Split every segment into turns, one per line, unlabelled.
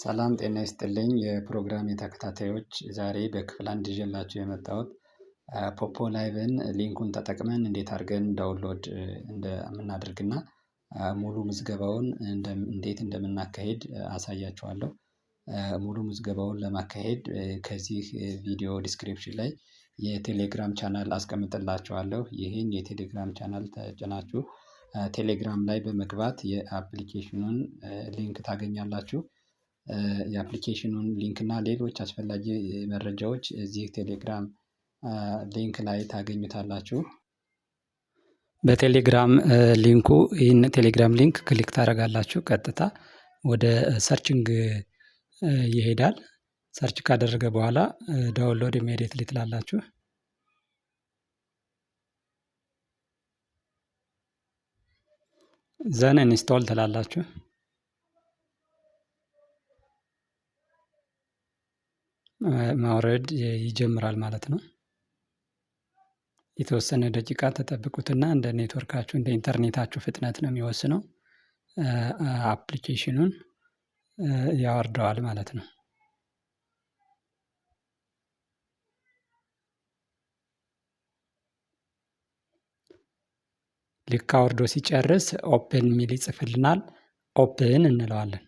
ሰላም ጤና ይስጥልኝ የፕሮግራም ተከታታዮች ዛሬ በክፍል አንድ ይዤላችሁ የመጣሁት ፖፖ ላይቭን ሊንኩን ተጠቅመን እንዴት አድርገን ዳውንሎድ እንደምናደርግና ሙሉ ምዝገባውን እንዴት እንደምናካሄድ አሳያችኋለሁ። ሙሉ ምዝገባውን ለማካሄድ ከዚህ ቪዲዮ ዲስክሪፕሽን ላይ የቴሌግራም ቻናል አስቀምጥላችኋለሁ ይህን የቴሌግራም ቻናል ተጭናችሁ ቴሌግራም ላይ በመግባት የአፕሊኬሽኑን ሊንክ ታገኛላችሁ የአፕሊኬሽኑን ሊንክ እና ሌሎች አስፈላጊ መረጃዎች እዚህ ቴሌግራም ሊንክ ላይ ታገኙታላችሁ። በቴሌግራም ሊንኩ ይህን ቴሌግራም ሊንክ ክሊክ ታደርጋላችሁ። ቀጥታ ወደ ሰርችንግ ይሄዳል። ሰርች ካደረገ በኋላ ዳውንሎድ ኢሚዲየትሊ ትላላችሁ። ዘን ኢንስቶል ትላላችሁ። ማውረድ ይጀምራል ማለት ነው። የተወሰነ ደቂቃ ተጠብቁትና እንደ ኔትወርካችሁ እንደ ኢንተርኔታችሁ ፍጥነት ነው የሚወስነው አፕሊኬሽኑን ያወርደዋል ማለት ነው። ልክ አውርዶ ሲጨርስ ኦፕን የሚል ይጽፍልናል ኦፕን እንለዋለን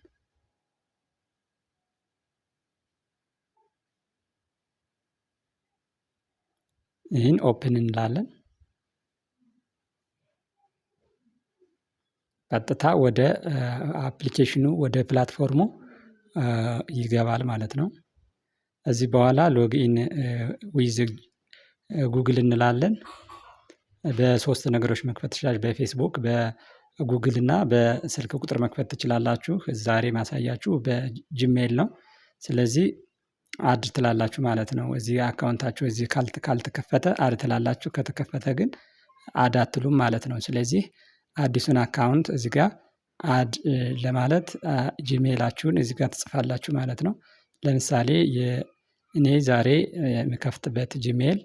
ይህን ኦፕን እንላለን። ቀጥታ ወደ አፕሊኬሽኑ ወደ ፕላትፎርሙ ይገባል ማለት ነው። እዚህ በኋላ ሎግኢን ዊዝ ጉግል እንላለን። በሶስት ነገሮች መክፈት ትችላለች። በፌስቡክ፣ በጉግል እና በስልክ ቁጥር መክፈት ትችላላችሁ። ዛሬ ማሳያችሁ በጂሜይል ነው። ስለዚህ አድ ትላላችሁ ማለት ነው። እዚህ አካውንታችሁ እዚህ ካልተከፈተ አድ ትላላችሁ፣ ከተከፈተ ግን አድ አትሉም ማለት ነው። ስለዚህ አዲሱን አካውንት እዚህ ጋር አድ ለማለት ጂሜላችሁን እዚህ ጋር ትጽፋላችሁ ማለት ነው። ለምሳሌ እኔ ዛሬ የምከፍትበት ጂሜል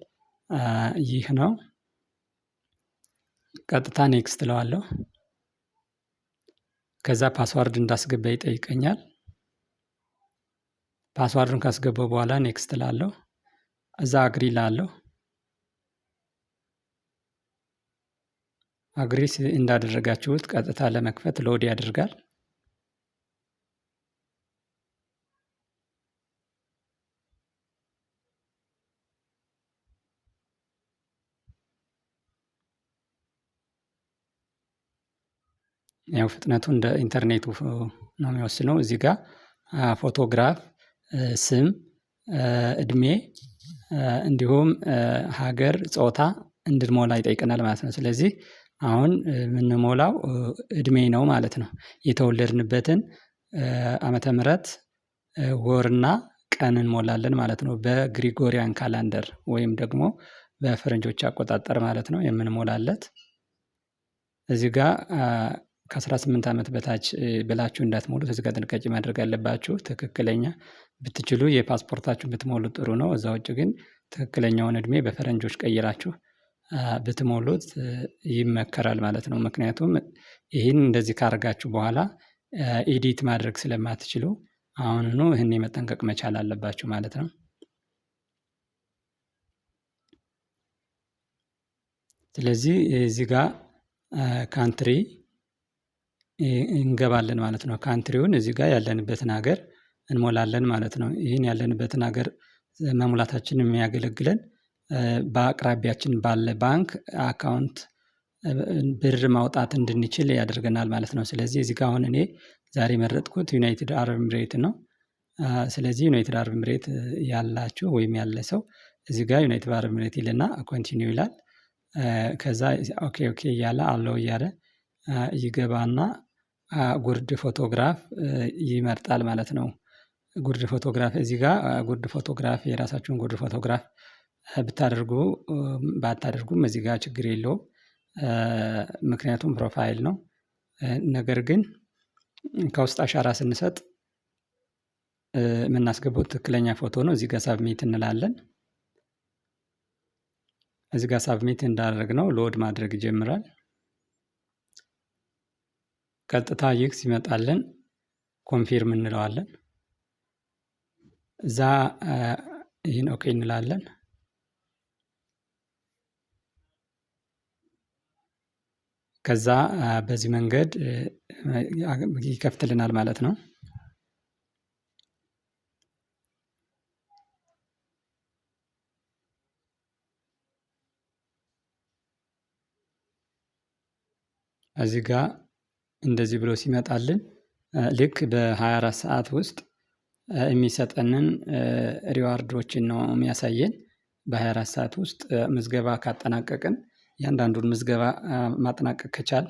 ይህ ነው። ቀጥታ ኔክስት ትለዋለሁ። ከዛ ፓስዋርድ እንዳስገባ ይጠይቀኛል። ፓስዋርዱን ካስገባው በኋላ ኔክስት ላለው እዛ አግሪ ላለው አግሪስ እንዳደረጋችሁት ቀጥታ ለመክፈት ሎድ ያደርጋል። ያው ፍጥነቱ እንደ ኢንተርኔቱ ነው የሚወስነው። እዚህ ጋር ፎቶግራፍ ስም እድሜ እንዲሁም ሀገር ጾታ እንድንሞላ ይጠይቀናል ማለት ነው። ስለዚህ አሁን የምንሞላው እድሜ ነው ማለት ነው። የተወለድንበትን ዓመተ ምህረት ወርና ቀን እንሞላለን ማለት ነው። በግሪጎሪያን ካላንደር ወይም ደግሞ በፈረንጆች አቆጣጠር ማለት ነው የምንሞላለት። እዚህ ጋር ከአስራ 18 አመት በታች ብላችሁ እንዳትሞሉት እዚህ ጋር ጥንቃቄ ማድረግ አለባችሁ። ትክክለኛ ብትችሉ የፓስፖርታችሁ ብትሞሉ ጥሩ ነው። እዛ ውጭ ግን ትክክለኛውን እድሜ በፈረንጆች ቀይራችሁ ብትሞሉት ይመከራል ማለት ነው። ምክንያቱም ይህን እንደዚህ ካርጋችሁ በኋላ ኤዲት ማድረግ ስለማትችሉ አሁኑኑ ይሄን መጠንቀቅ መቻል አለባችሁ ማለት ነው። ስለዚህ እዚህ ጋር ካንትሪ እንገባለን ማለት ነው። ካንትሪውን እዚህ ጋር ያለንበትን ሀገር እንሞላለን ማለት ነው። ይህን ያለንበትን ሀገር መሙላታችን የሚያገለግለን በአቅራቢያችን ባለ ባንክ አካውንት ብር ማውጣት እንድንችል ያደርገናል ማለት ነው። ስለዚህ እዚህ ጋ አሁን እኔ ዛሬ የመረጥኩት ዩናይትድ አረብ ኤምሬት ነው። ስለዚህ ዩናይትድ አረብ ኤምሬት ያላችሁ ወይም ያለ ሰው እዚህ ጋር ዩናይትድ አረብ ኤምሬት ይልና ኮንቲኒው ይላል። ከዛ ኦኬ ኦኬ እያለ አለው እያለ ይገባና ጉርድ ፎቶግራፍ ይመርጣል ማለት ነው ጉርድ ፎቶግራፍ እዚህ ጋ ጉርድ ፎቶግራፍ የራሳችሁን ጉርድ ፎቶግራፍ ብታደርጉ ባታደርጉም እዚህ ጋ ችግር የለውም። ምክንያቱም ፕሮፋይል ነው። ነገር ግን ከውስጥ አሻራ ስንሰጥ የምናስገባው ትክክለኛ ፎቶ ነው። እዚህ ጋ ሳብሜት እንላለን። እዚህ ሳብሜት እንዳደረግ ነው ሎድ ማድረግ ይጀምራል። ቀጥታ ይህ ሲመጣልን ኮንፊርም እንለዋለን። እዛ ይህን ኦኬ እንላለን። ከዛ በዚህ መንገድ ይከፍትልናል ማለት ነው። እዚህ ጋር እንደዚህ ብሎ ሲመጣልን ልክ በ24 ሰዓት ውስጥ የሚሰጠንን ሪዋርዶችን ነው የሚያሳየን። በ24 ሰዓት ውስጥ ምዝገባ ካጠናቀቅን እያንዳንዱን ምዝገባ ማጠናቀቅ ከቻል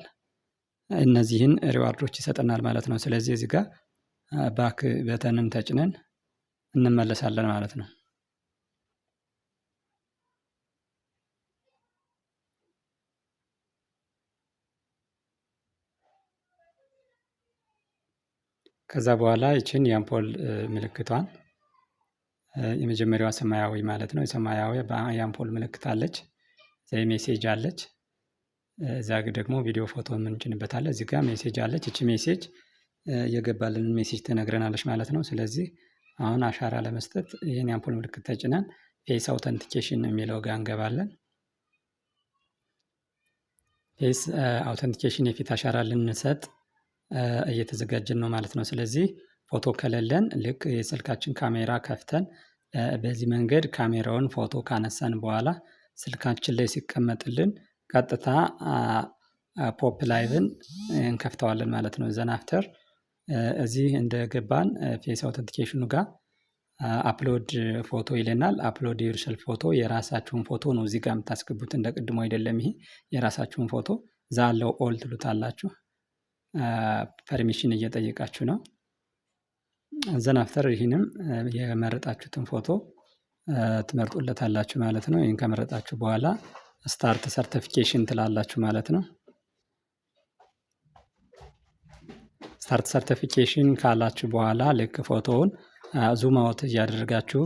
እነዚህን ሪዋርዶች ይሰጠናል ማለት ነው። ስለዚህ እዚህ ጋር ባክ በተንን ተጭነን እንመለሳለን ማለት ነው ከዛ በኋላ ይችን የአምፖል ምልክቷን የመጀመሪያዋ ሰማያዊ ማለት ነው። የሰማያዊ የአምፖል ምልክት አለች። እዚያ ሜሴጅ አለች። እዛ ደግሞ ቪዲዮ ፎቶ የምንጭንበታለን። እዚህ ጋር ሜሴጅ አለች። እቺ ሜሴጅ የገባልን ሜሴጅ ትነግረናለች ማለት ነው። ስለዚህ አሁን አሻራ ለመስጠት ይህን የአምፖል ምልክት ተጭነን ፌስ አውተንቲኬሽን የሚለው ጋር እንገባለን። ፌስ አውተንቲኬሽን የፊት አሻራ ልንሰጥ እየተዘጋጀን ነው ማለት ነው። ስለዚህ ፎቶ ከሌለን ልክ የስልካችን ካሜራ ከፍተን በዚህ መንገድ ካሜራውን ፎቶ ካነሳን በኋላ ስልካችን ላይ ሲቀመጥልን ቀጥታ ፖፕ ላይቭን እንከፍተዋለን ማለት ነው። ዘን አፍተር እዚህ እንደገባን ፌስ አውተንቲኬሽኑ ጋር አፕሎድ ፎቶ ይለናል። አፕሎድ ዩርሰልፍ ፎቶ የራሳችሁን ፎቶ ነው እዚህ ጋር የምታስገቡት። እንደ ቅድሞ አይደለም ይሄ የራሳችሁን ፎቶ እዛ አለው ኦል ትሉታላችሁ። ፐርሚሽን እየጠየቃችሁ ነው። ዘን አፍተር ይህንም የመረጣችሁትን ፎቶ ትመርጡለታላችሁ ማለት ነው። ይህን ከመረጣችሁ በኋላ ስታርት ሰርቲፊኬሽን ትላላችሁ ማለት ነው። ስታርት ሰርቲፊኬሽን ካላችሁ በኋላ ልክ ፎቶውን ዙም አውት እያደረጋችሁ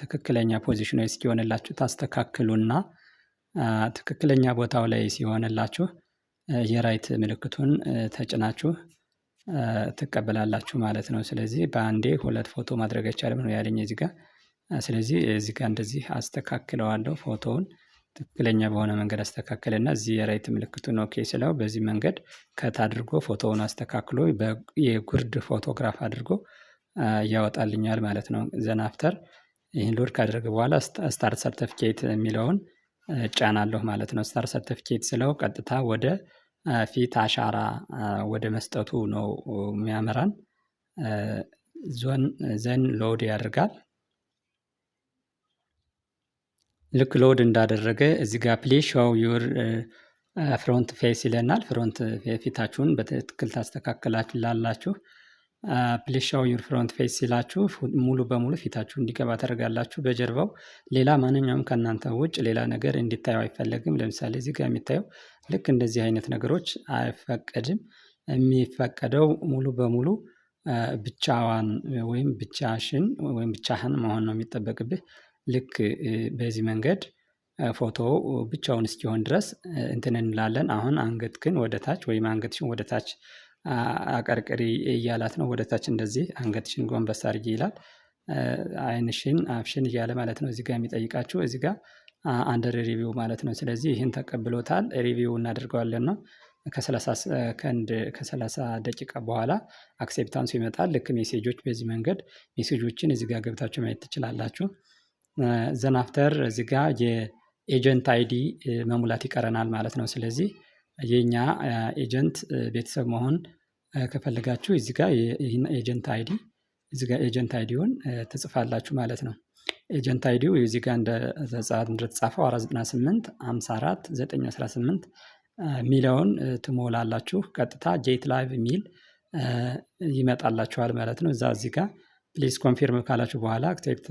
ትክክለኛ ፖዚሽኑ እስኪሆንላችሁ ታስተካክሉና ትክክለኛ ቦታው ላይ ሲሆንላችሁ የራይት ምልክቱን ተጭናችሁ ትቀበላላችሁ ማለት ነው። ስለዚህ በአንዴ ሁለት ፎቶ ማድረግ አይቻልም ነው ያለኝ እዚህ ጋር። ስለዚህ እዚህ ጋር እንደዚህ አስተካክለዋለሁ ፎቶውን ትክክለኛ በሆነ መንገድ አስተካከለና እዚህ የራይት ምልክቱን ኦኬ ስለው በዚህ መንገድ ከት አድርጎ ፎቶውን አስተካክሎ የጉርድ ፎቶግራፍ አድርጎ ያወጣልኛል ማለት ነው። ዘናፍተር ይህን ሎድ ካደረገ በኋላ ስታርት ሰርተፍኬት የሚለውን እጫናለሁ ማለት ነው። ስታር ሰርቲፊኬት ስለው ቀጥታ ወደ ፊት አሻራ ወደ መስጠቱ ነው የሚያመራን። ዞን ዘን ሎድ ያደርጋል። ልክ ሎድ እንዳደረገ እዚህ ጋር ሾው ዩር ፍሮንት ፌስ ይለናል። ፍሮንት ፊታችሁን በትክክል ታስተካክላችሁ ላላችሁ ፕሌሻው ዩር ፍሮንት ፌስ ሲላችሁ ሙሉ በሙሉ ፊታችሁ እንዲገባ ታደርጋላችሁ። በጀርባው ሌላ ማንኛውም ከእናንተ ውጭ ሌላ ነገር እንዲታየው አይፈለግም። ለምሳሌ እዚህ ጋር የሚታየው ልክ እንደዚህ አይነት ነገሮች አይፈቀድም። የሚፈቀደው ሙሉ በሙሉ ብቻዋን ወይም ብቻሽን ወይም ብቻህን መሆን ነው የሚጠበቅብህ። ልክ በዚህ መንገድ ፎቶ ብቻውን እስኪሆን ድረስ እንትን እንላለን። አሁን አንገትክን ግን ወደታች ወይም አንገትሽን ወደ ታች አቀርቅሪ እያላት ነው። ወደታች እንደዚህ አንገትሽን ጎንበስ አድርጊ ይላል። አይንሽን አፍሽን እያለ ማለት ነው። እዚህ ጋር የሚጠይቃችሁ እዚህ ጋር አንደር ሪቪው ማለት ነው። ስለዚህ ይህን ተቀብሎታል። ሪቪው እናደርገዋለን ነው ከሰላሳ ደቂቃ በኋላ አክሴፕታንሱ ይመጣል። ልክ ሜሴጆች በዚህ መንገድ ሜሴጆችን እዚህ ጋር ገብታችሁ ማየት ትችላላችሁ። ዘናፍተር እዚህ ጋር የኤጀንት አይዲ መሙላት ይቀረናል ማለት ነው። ስለዚህ የኛ ኤጀንት ቤተሰብ መሆን ከፈለጋችሁ እዚ ጋር ይህን ኤጀንት አይዲ እዚ ጋ ኤጀንት አይዲውን ትጽፋላችሁ ማለት ነው። ኤጀንት አይዲው እዚህ ጋር እንደተጻፈው 498 54 918 ሚለውን ትሞላላችሁ። ቀጥታ ጄት ላይቭ ሚል ይመጣላችኋል ማለት ነው። እዛ እዚ ጋ ፕሊዝ ኮንፊርም ካላችሁ በኋላ አክሴፕት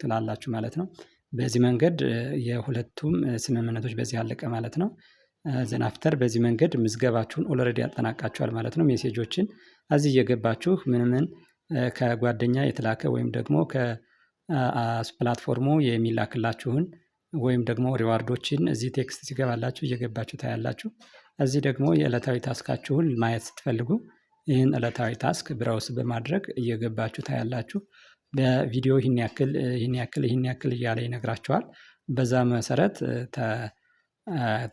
ትላላችሁ ማለት ነው። በዚህ መንገድ የሁለቱም ስምምነቶች በዚህ አለቀ ማለት ነው። ዘናፍተር በዚህ መንገድ ምዝገባችሁን ኦልሬዲ ያጠናቃችኋል ማለት ነው። ሜሴጆችን እዚህ እየገባችሁ ምን ምን ከጓደኛ የተላከ ወይም ደግሞ ከፕላትፎርሙ የሚላክላችሁን ወይም ደግሞ ሪዋርዶችን እዚህ ቴክስት ሲገባላችሁ እየገባችሁ ታያላችሁ። እዚህ ደግሞ የዕለታዊ ታስካችሁን ማየት ስትፈልጉ ይህን ዕለታዊ ታስክ ብራውስ በማድረግ እየገባችሁ ታያላችሁ። በቪዲዮ ይህን ያክል ይህን ያክል ይህን ያክል እያለ ይነግራችኋል። በዛ መሰረት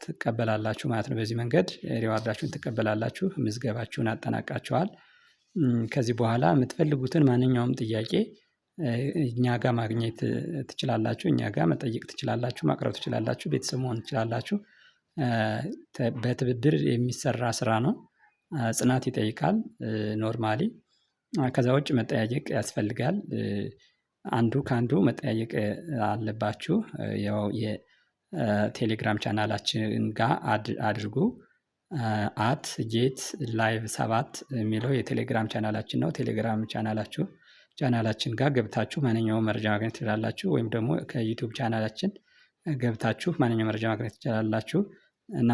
ትቀበላላችሁ ማለት ነው። በዚህ መንገድ ሪዋርዳችሁን ትቀበላላችሁ ምዝገባችሁን አጠናቃችኋል። ከዚህ በኋላ የምትፈልጉትን ማንኛውም ጥያቄ እኛ ጋር ማግኘት ትችላላችሁ እኛ ጋር መጠየቅ ትችላላችሁ ማቅረብ ትችላላችሁ ቤተሰብ መሆን ትችላላችሁ። በትብብር የሚሰራ ስራ ነው። ጽናት ይጠይቃል ኖርማሊ ከዛ ውጭ መጠያየቅ ያስፈልጋል። አንዱ ከአንዱ መጠያየቅ አለባችሁ። ያው ቴሌግራም ቻናላችን ጋር አድርጉ። አት ጌት ላይቭ ሰባት የሚለው የቴሌግራም ቻናላችን ነው። ቴሌግራም ቻናላችሁ ቻናላችን ጋር ገብታችሁ ማንኛውም መረጃ ማግኘት ትችላላችሁ። ወይም ደግሞ ከዩቱብ ቻናላችን ገብታችሁ ማንኛውም መረጃ ማግኘት ትችላላችሁ እና